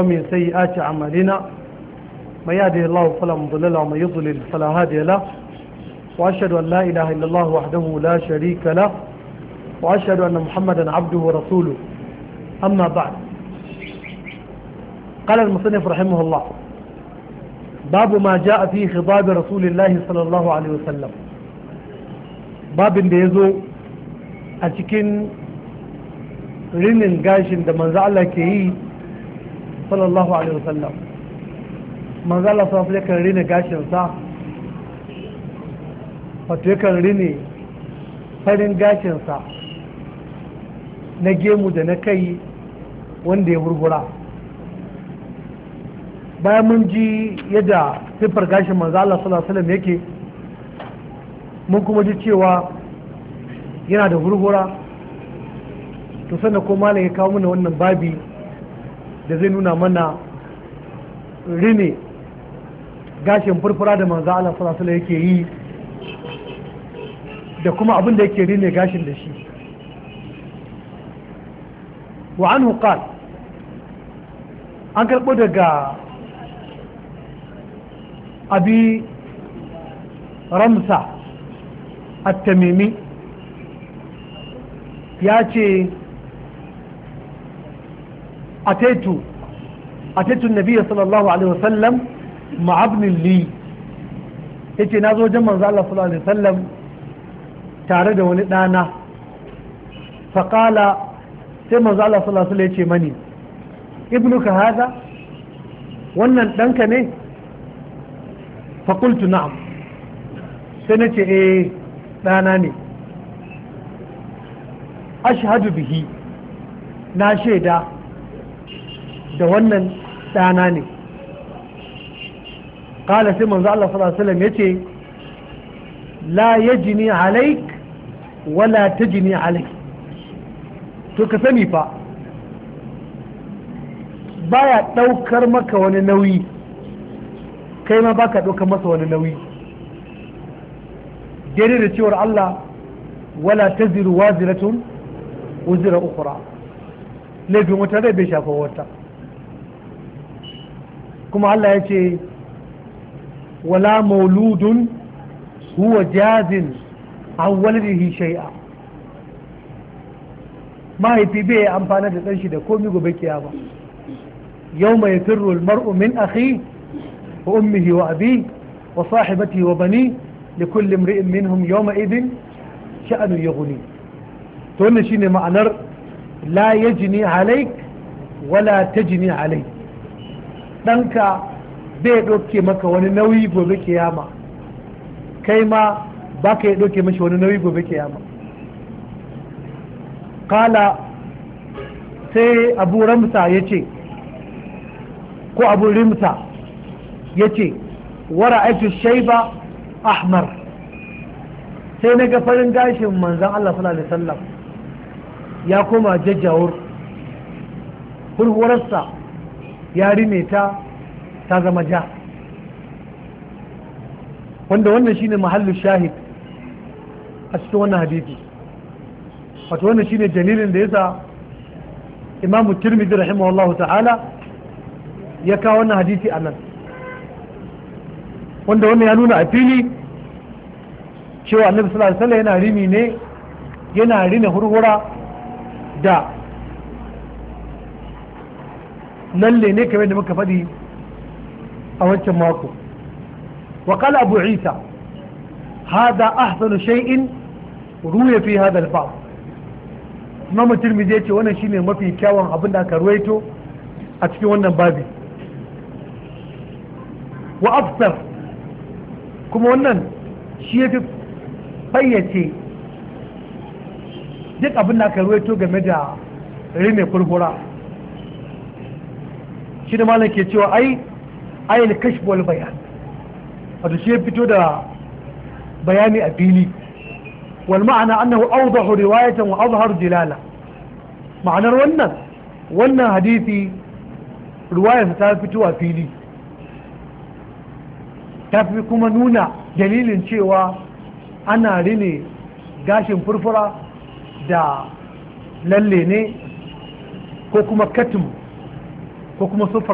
ومن سيئات عملنا من يهده الله فلا مضل له ومن يضلل فلا هادي له واشهد ان لا اله الا الله وحده لا شريك له واشهد ان محمدا عبده ورسوله اما بعد قال المصنف رحمه الله باب ما جاء في خطاب رسول الله صلى الله عليه وسلم باب da yazo a cikin rinin gashin da manzo Allah ke yi sallallahu alaihi wasallam manzo Allah sallallahu yakan rine gashin sa wato yakan rine farin gashin sa na gemu da na kai wanda ya hurgura bayan mun ji yadda siffar gashin manzo Allah sallallahu alaihi wasallam yake mun kuma ji cewa yana da hurhura to sannan ko malaka ya kawo mana wannan babi da zai nuna mana rine gashin furfura da manzo Allah sallallahu alaihi yake yi da kuma abin da yake rine gashin da shi wa anhu qal an karbo daga abi ramsa at-tamimi ya ce ataitu ataitu nabi sallallahu alaihi wasallam ma'abnin li yace na zo wajen manzo Allah tare da wani ɗana faƙala sai manzo Allah ya ce mani ibnuka hada wannan ɗanka ne faƙultu na'am sai na ce eh ɗana ne ashhadu bihi na shaida Da wannan ɗana ne ƙala sai manzo Allah sallallahu alaihi wasallam yace la yajni alaik wala tajni alaik to ka sani fa baya ɗaukar maka wani nauyi kai ma baka ɗaukar masa wani nauyi dare da cewar Allah wala taziru waziratun wuzira ukhra laifin wata rai bai shafa wata kuma Allah ya ce wala mauludun huwa jazin an waladihi shay'a mahaifi bai amfana da ɗanshi da komi gobe ba yau mai firrul mar'u min akhi wa ummihi wa abi wa sahibati wa bani da kullum ri'in minhum yawma idin sha'anu yaghni to wannan shine ma'anar la jini halai wala jini halai ɗanka bai ɗauke maka wani nauyi gobe kiyama kai ma ba ka yi ɗauke mashi wani nauyi gobe kiyama kala sai abu ramsa ya ce ko abu rimsa ya ce wara aiki shaiba ahmar sai na ga farin gashin manzan Allah sallallahu alaihi wasallam ya koma jajjawar hulhuwarsa ya rime ta ta zama ja wanda wannan shine mahallu shahid a cikin wannan hadisi wato wannan shine dalilin da yasa imam tirmidhi rahimahullah ta'ala ya kawo wannan hadisi a nan wanda wannan ya nuna a fili cewa annabi sallallahu alaihi wasallam yana rimi ne yana rina hurhura da lalle ne kamar da muka faɗi a wancan mako wa qala abu isa hada ahsanu shay'in ruya fi hada al-bab imam tirmidhi yace wannan shine mafi kyawun abin da aka ruwaito a cikin wannan babi wa afsar kuma wannan shi yake fayyace duk abin da aka ruwaito game da rime kurkura shi da malam ke cewa ai ayin kashi wani bayan wato shi ya fito da bayani a fili wal ma'ana annahu awdahu riwayatan wa azharu dilala ma'anar wannan wannan hadisi ruwayar ta fito a fili ta fi kuma nuna dalilin cewa ana rine gashin furfura da lalle ne ko kuma katin ko kuma